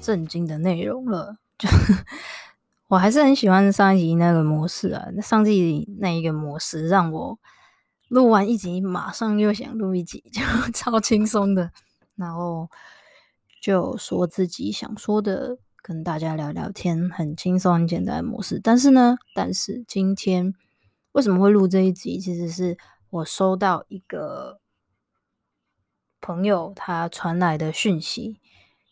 震驚的內容了，就我還是很喜歡上一集那個模式啊，那上集那一個模式讓我錄完一集馬上又想錄一集，就超輕鬆的，然後就說自己想說的，跟大家聊聊天，很輕鬆、很簡單的模式。但是呢，但是今天為什麼會錄這一集？其實是我收到一個朋友他傳來的訊息。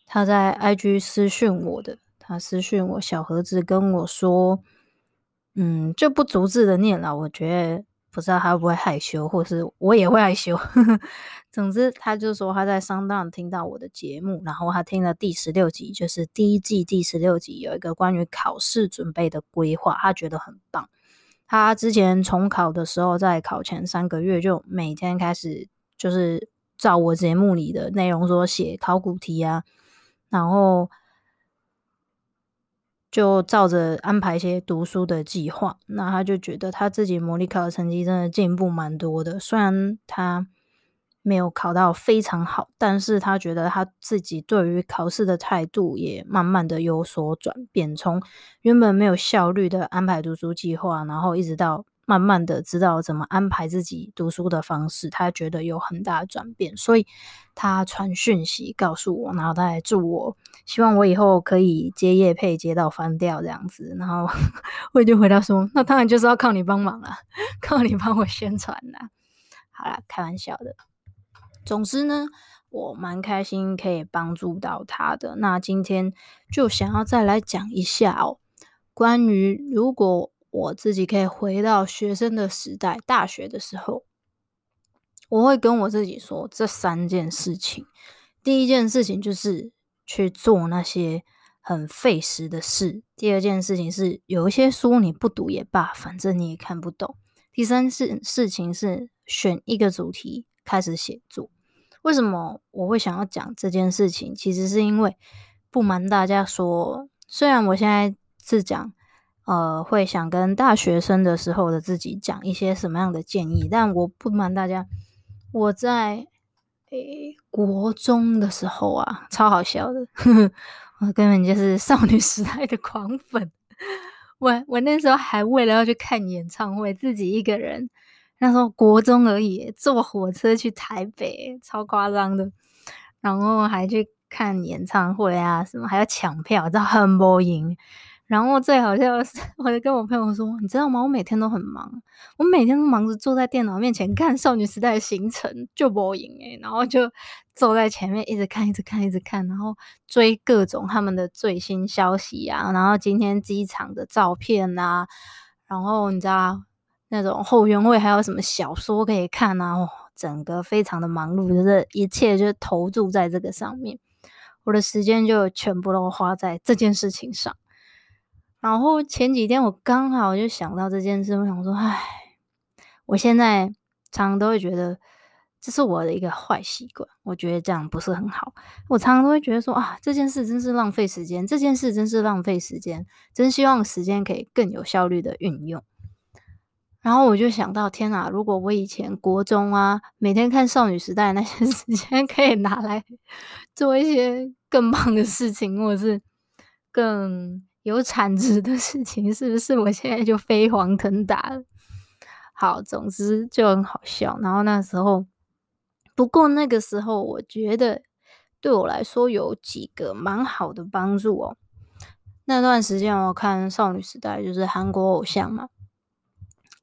他在 IG 私訊我的，他私訊我小盒子跟我說，嗯，就不逐字的唸了。我覺得不知道他會不會害羞，或是我也會害羞。 總之，他就說他在 SoundOn 聽到我的節目，然後他聽了第十六集，就是第一季第十六集有一個關於考試準備的規劃，他覺得很棒。他之前重考的時候，在考前三個月就每天開始，就是照我節目裡的內容說寫考古題啊。然後就照着安排一些讀書的計劃，那他就覺得他自己模擬考的成績真的進步蠻多的。雖然他沒有考到非常好，但是他覺得他自己對於考試的態度也慢慢的有所轉變，從原本沒有效率的安排讀書計劃，然後一直到。慢慢的知道怎麼安排自己讀書的方式，他覺得有很大的轉變，所以他傳訊息告訴我，然後他還祝我，希望我以後可以接業配接到翻掉這樣子，然後 我就回答說，那當然就是要靠你幫忙了、啊，靠你幫我宣傳啦、啊。好啦，開玩笑的。總之呢，我蠻開心可以幫助到他的。那今天就想要再來講一下哦，關於如果。我自己可以回到學生的時代，大學的時候，我會跟我自己說這三件事情。第一件事情就是去做那些很費時的事；第二件事情是有一些書你不讀也罷，反正你也看不懂；第三是事情是選一個主題開始寫作。為什麼我會想要講這件事情？其實是因為不瞞大家說，雖然我現在是講。呃，會想跟大學生的時候的自己講一些什麼樣的建議？但我不瞞大家，我在誒國中的時候啊，超好笑的呵呵，我根本就是少女時代的狂粉。我我那時候還為了要去看演唱會，自己一個人，那時候國中而已，坐火車去台北，超誇張的。然後還去看演唱會啊，什麼還要搶票，知道很不贏。然後最好笑的是，我就跟我朋友說：“你知道嗎？我每天都很忙，我每天都忙着坐在電腦面前看少女時代的行程，就播影誒，然後就坐在前面一直看，一直看，一直看，一直看，然後追各種他們的最新消息啊，然後今天機場的照片啊，然後你知道、啊、那種後援會還有什麼小說可以看啊、哦，整個非常的忙碌，就是一切就是投注在這個上面，我的時間就全部都花在這件事情上。”然後前幾天我剛好就想到這件事，我想說，唉，我現在常常都會覺得這是我的一個壞習慣，我覺得這樣不是很好。我常常都會覺得說，啊，這件事真是浪費時間，這件事真是浪費時間，真希望時間可以更有效率的運用。然後我就想到，天吶，如果我以前國中啊，每天看少女時代那些時間，可以拿來做一些更棒的事情，或者是更……有產值的事情是不是？我現在就飛黃騰達了。好，總之就很好笑。然後那時候，不過那個時候我覺得對我來說有幾個蠻好的幫助哦。那段時間我看少女時代，就是韓國偶像嘛，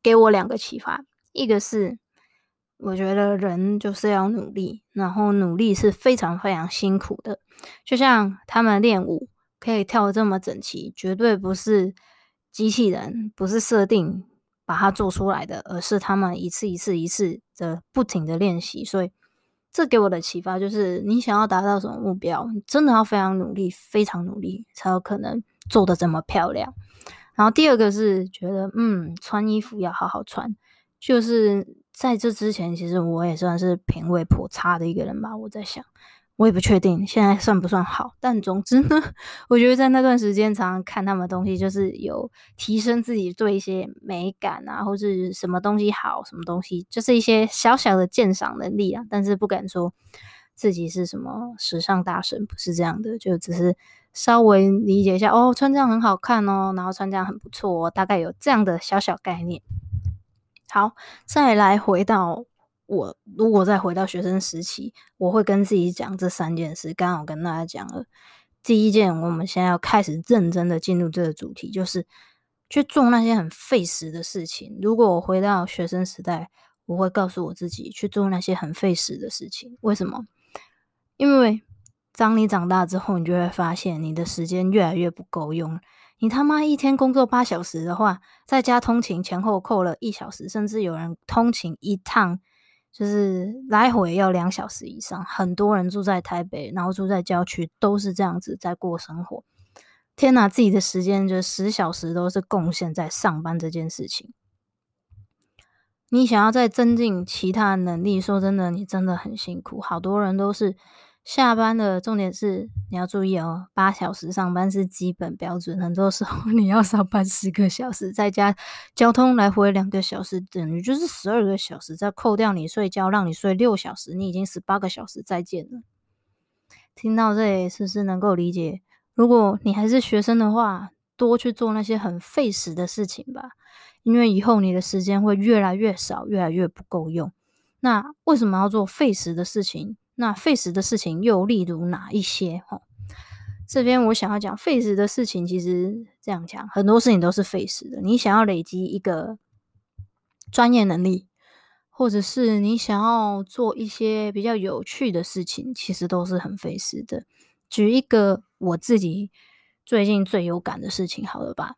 給我兩個啟發。一個是我覺得人就是要努力，然後努力是非常非常辛苦的，就像他們練舞。可以跳得這麼整齊，絕對不是機器人，不是設定把它做出來的，而是他們一次一次一次的不停的練習。所以，這給我的啟發就是，你想要達到什麼目標，真的要非常努力，非常努力才有可能做得這麼漂亮。然後第二個是覺得，嗯，穿衣服要好好穿。就是在這之前，其實我也算是品味頗差的一個人吧，我在想。我也不確定現在算不算好，但總之呢，我覺得在那段時間常常看他們的東西，就是有提升自己對一些美感啊，或是什麼東西好，什麼東西就是一些小小的鑑賞能力啊。但是不敢說自己是什麼時尚大神，不是這樣的，就只是稍微理解一下哦，穿這樣很好看哦，然後穿這樣很不錯哦，大概有這樣的小小概念。好，再來回到。我如果再回到學生時期，我會跟自己講這三件事。剛剛我跟大家講了第一件，我們現在要開始認真的進入這個主題，就是去做那些很費時的事情。如果我回到學生時代，我會告訴我自己去做那些很費時的事情。為什麼？因為當你長大之後，你就會發現你的時間越來越不夠用。你他媽一天工作八小時的話，在家通勤前後扣了一小時，甚至有人通勤一趟。就是來回要兩小時以上，很多人住在台北，然後住在郊區，都是這樣子在過生活。天哪，自己的時間就十小時都是貢獻在上班這件事情。你想要再增進其他能力，說真的，你真的很辛苦。好多人都是。下班的重點是你要注意哦，八小時上班是基本標準。很多時候你要上班十個小時，再加交通來回兩個小時，等於就是十二個小時。再扣掉你睡覺，讓你睡六小時，你已經十八個小時再見了。聽到這裡，是不是能夠理解？如果你還是學生的話，多去做那些很費時的事情吧，因為以後你的時間會越來越少，越來越不夠用。那為什麼要做費時的事情？那廢時的事情又例如哪一些？這邊我想要講廢時的事情，其實這樣講，很多事情都是廢時的。你想要累積一個專業能力，或者是你想要做一些比較有趣的事情，其實都是很廢時的。舉一個我自己最近最有感的事情，好了吧？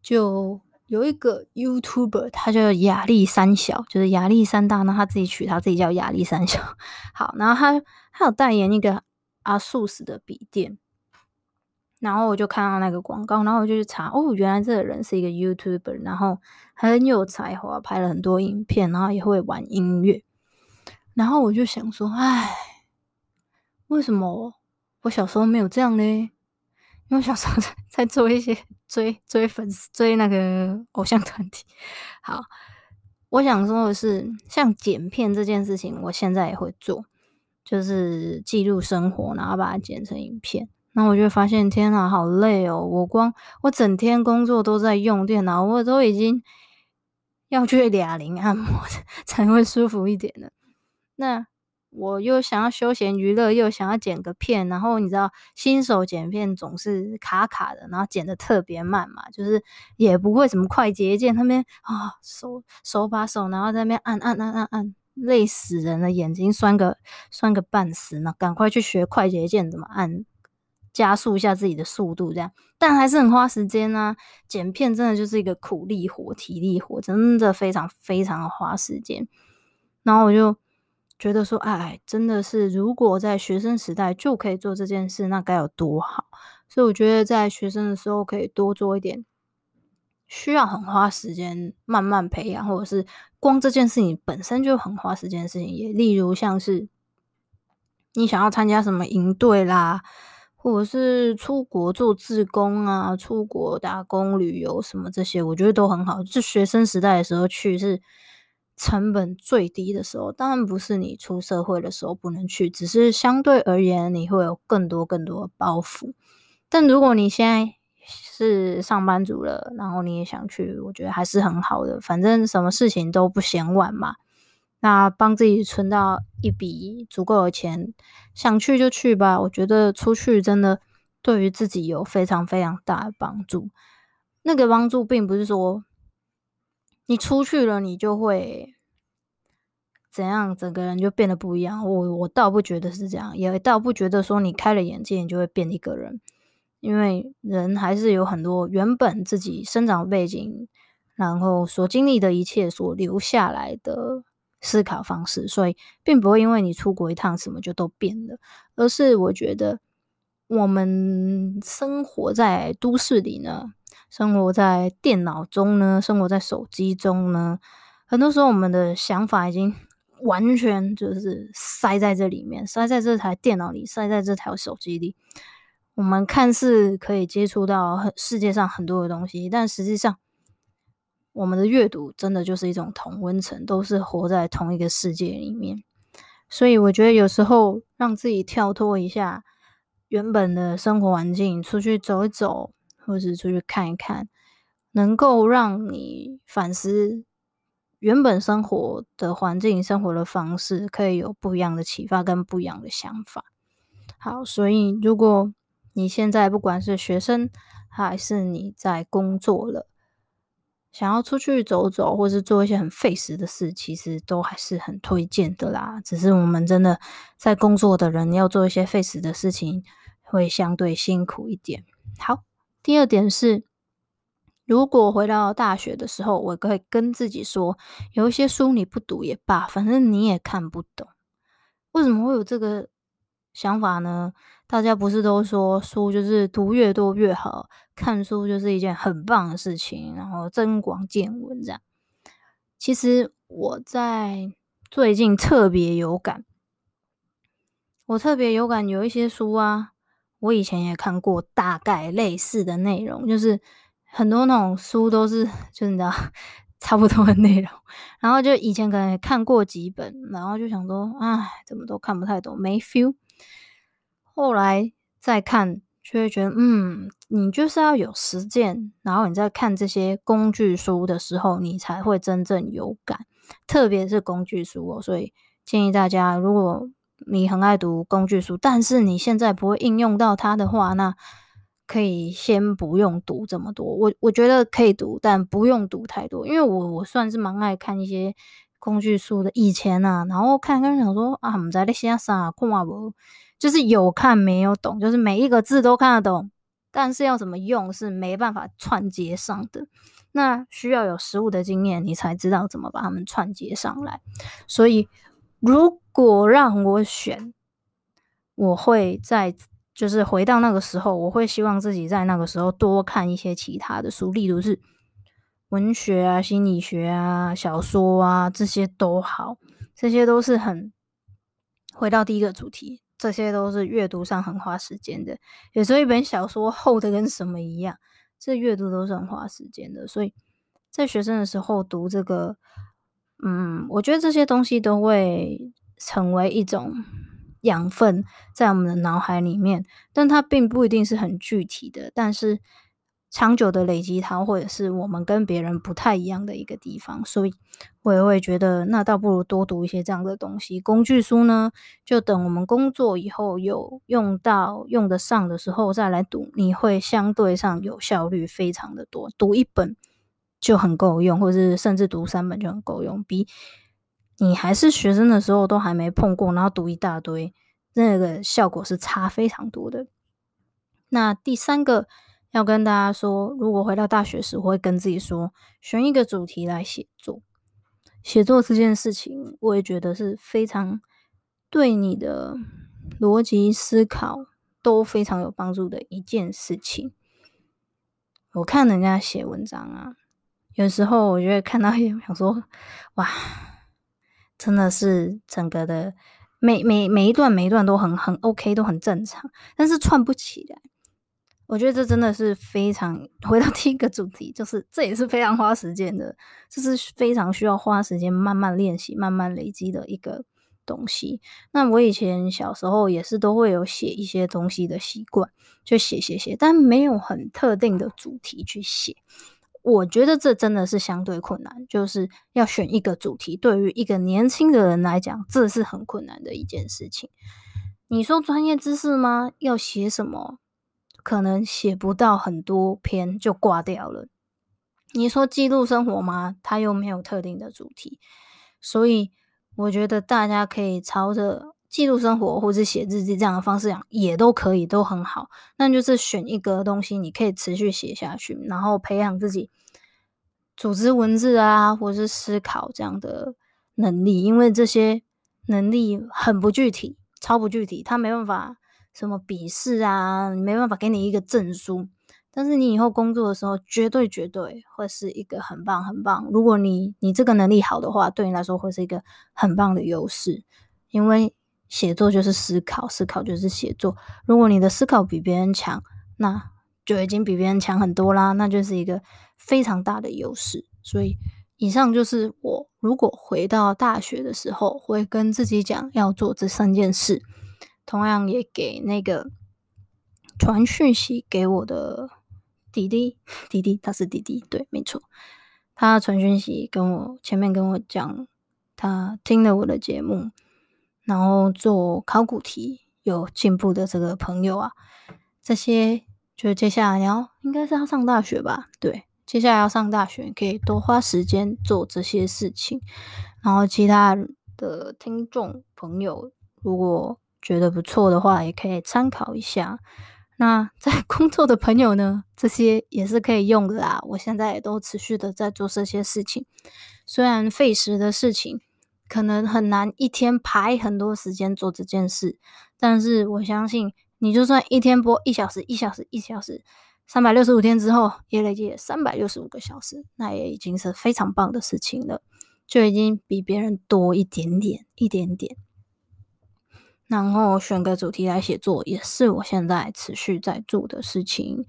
就。有一個 YouTuber，他叫亞歷山小，就是亞歷山大呢，那他自己取他自己叫亞歷山小。好，然後他他有代言一個 ASUS 的筆電。然後我就看到那個廣告，然後我就去查，哦，原來這個人是一個 YouTuber，然後很有才華，拍了很多影片，然後也會玩音樂，然後我就想說，唉，為什麼我小時候沒有這樣呢？因為小時候在做一些追追粉絲、追那個偶像團體。好，我想說的是，像剪片這件事情，我現在也會做，就是記錄生活，然後把它剪成影片。那我就發現，天哪，好累哦！我光我整天工作都在用電腦，我都已經要去啞鈴按摩的，才會舒服一點的。那我又想要休閒娛樂，又想要剪個片，然後你知道新手剪片總是卡卡的，然後剪得特別慢嘛，就是也不會什麼快捷鍵，那邊啊手手把手，然後在那邊按按按按按，累死人了，眼睛酸個酸個半死呢，趕快去學快捷鍵怎麼按，加速一下自己的速度這樣，但還是很花時間啊，剪片真的就是一個苦力活、體力活，真的非常非常花時間，然後我就。覺得說，哎，真的是，如果在學生時代就可以做這件事，那該有多好！所以我覺得，在學生的時候可以多做一點需要很花時間、慢慢培養，或者是光這件事情本身就很花時間的事情。也例如像是你想要參加什麼營隊啦，或者是出國做志工啊、出國打工旅遊什麼這些，我覺得都很好。是學生時代的時候去是。成本最低的時候，當然不是你出社會的時候不能去，只是相對而言你會有更多更多的包袱。但如果你現在是上班族了，然後你也想去，我覺得還是很好的。反正什麼事情都不嫌晚嘛，那幫自己存到一筆足夠的錢，想去就去吧。我覺得出去真的對於自己有非常非常大的幫助。那個幫助並不是說。你出去了，你就會怎樣？整個人就變得不一樣。我我倒不覺得是這樣，也倒不覺得說你開了眼界，你就會變一個人。因為人還是有很多原本自己生長背景，然後所經歷的一切所留下來的思考方式，所以並不會因為你出國一趟什麼就都變了。而是我覺得我們生活在都市裡呢。生活在電腦中呢，生活在手機中呢，很多時候我們的想法已經完全就是塞在這裡面，塞在這台電腦裡，塞在這台手機裡。我們看似可以接觸到很世界上很多的東西，但實際上，我們的閱讀真的就是一種同溫層，都是活在同一個世界裡面。所以我覺得有時候讓自己跳脫一下原本的生活環境，出去走一走。或是出去看一看，能夠讓你反思原本生活的環境、生活的方式，可以有不一樣的啟發跟不一樣的想法。好，所以如果你現在不管是學生，還是你在工作了，想要出去走走，或是做一些很廢時的事，其實都還是很推薦的啦。只是我們真的在工作的人要做一些廢時的事情，會相對辛苦一點。好。第二點是，如果回到大學的時候，我可以跟自己說，有一些書你不讀也罷，反正你也看不懂。為什麼會有這個想法呢？大家不是都說書就是讀越多越好，看書就是一件很棒的事情，然後增廣見聞這樣。其實我在最近特別有感，我特別有感有一些書啊。我以前也看過大概類似的內容，就是很多那種書都是，就你知道差不多的內容。然後就以前可能也看過幾本，然後就想說，哎，怎麼都看不太懂，沒 feel。後來再看，卻會覺得，嗯，你就是要有實踐，然後你在看這些工具書的時候，你才會真正有感，特別是工具書哦、喔。所以建議大家，如果你很愛讀工具書，但是你現在不會應用到它的話，那可以先不用讀這麼多。我我覺得可以讀，但不用讀太多，因為我我算是蠻愛看一些工具書的。以前啊，然後看跟人講說啊，我們在那些啥庫馬博，就是有看沒有懂，就是每一個字都看得懂，但是要怎麼用是沒辦法串接上的。那需要有實務的經驗，你才知道怎麼把它們串接上來。所以。如果讓我選，我會在就是回到那個時候，我會希望自己在那個時候多看一些其他的書，例如是文學啊、心理學啊、小說啊，這些都好，這些都是很回到第一個主題，這些都是閱讀上很花時間的。有時候一本小說厚的跟什麼一樣，這閱讀都是很花時間的。所以在學生的時候讀這個。嗯，我覺得這些東西都會成為一種養分在我們的腦海裡面，但它並不一定是很具體的。但是長久的累積它，它或者是我們跟別人不太一樣的一個地方，所以我也會覺得那倒不如多讀一些這樣的東西。工具書呢，就等我們工作以後有用到、用得上的時候再來讀，你會相對上有效率非常的多。讀一本，就很夠用，或者是甚至讀三本就很夠用，比你還是學生的時候都還沒碰過，然後讀一大堆，那個效果是差非常多的。那第三個要跟大家說，如果回到大學時，我會跟自己說，選一個主題來寫作。寫作這件事情，我也覺得是非常對你的邏輯思考都非常有幫助的一件事情。我看人家寫文章啊。有時候我覺得看到也想說，哇，真的是整個的每每每一段每一段都很很 OK，都很正常，但是串不起來。我覺得這真的是非常，回到第一個主題，就是這也是非常花時間的，這是非常需要花時間慢慢練習、慢慢累積的一個東西。那我以前小時候也是都會有寫一些東西的習慣，就寫寫寫，但沒有很特定的主題去寫。我覺得這真的是相對困難，就是要選一個主題。對於一個年輕的人來講，這是很困難的一件事情。你說專業知識嗎？要寫什麼？可能寫不到很多篇就掛掉了。你說記錄生活嗎？它又沒有特定的主題，所以我覺得大家可以朝着。記錄生活，或者是寫日記這樣的方式，也都可以，都很好。但就是選一個東西，你可以持續寫下去，然後培養自己組織文字啊，或者是思考這樣的能力。因為這些能力很不具體，超不具體，他沒辦法什麼筆試啊，沒辦法給你一個證書。但是你以後工作的時候，絕對絕對會是一個很棒很棒。如果你你這個能力好的話，對你來說會是一個很棒的優勢，因為。寫作就是思考，思考就是寫作。如果你的思考比別人強，那就已經比別人強很多啦，那就是一個非常大的優勢。所以，以上就是我如果回到大學的時候會跟自己講要做這三件事。同樣也給那個傳訊息給我的弟弟，弟弟，他是弟弟，對，沒錯，他傳訊息跟我前面跟我講，他聽了我的節目。然後做考古題有進步的這個朋友啊，這些就接下來你要應該是要上大學吧？對，接下來要上大學可以多花時間做這些事情。然後其他的聽眾朋友，如果覺得不錯的話，也可以參考一下。那在工作的朋友呢，這些也是可以用的啦。我現在也都持續的在做這些事情，雖然廢時的事情。可能很難一天排很多時間做這件事，但是我相信你就算一天撥一小時、一小時、一小時，三百六十五天之後，也累計三百六十五個小時，那也已經是非常棒的事情了，就已經比別人多一點點、一點點。然後選個主題來寫作，也是我現在持續在做的事情。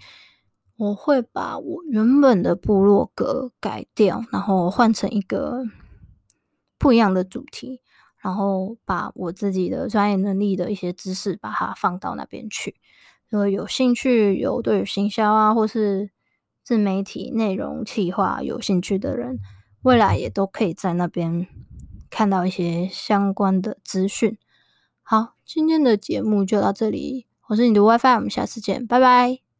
我會把我原本的部落格改掉，然後換成一個。不一樣的主題，然後把我自己的專業能力的一些知識，把它放到那邊去。如果有興趣，有對行銷啊，或是自媒體內容企劃有興趣的人，未來也都可以在那邊看到一些相關的資訊。好，今天的節目就到這裡，我是你的 WiFi，我們下次見，拜拜。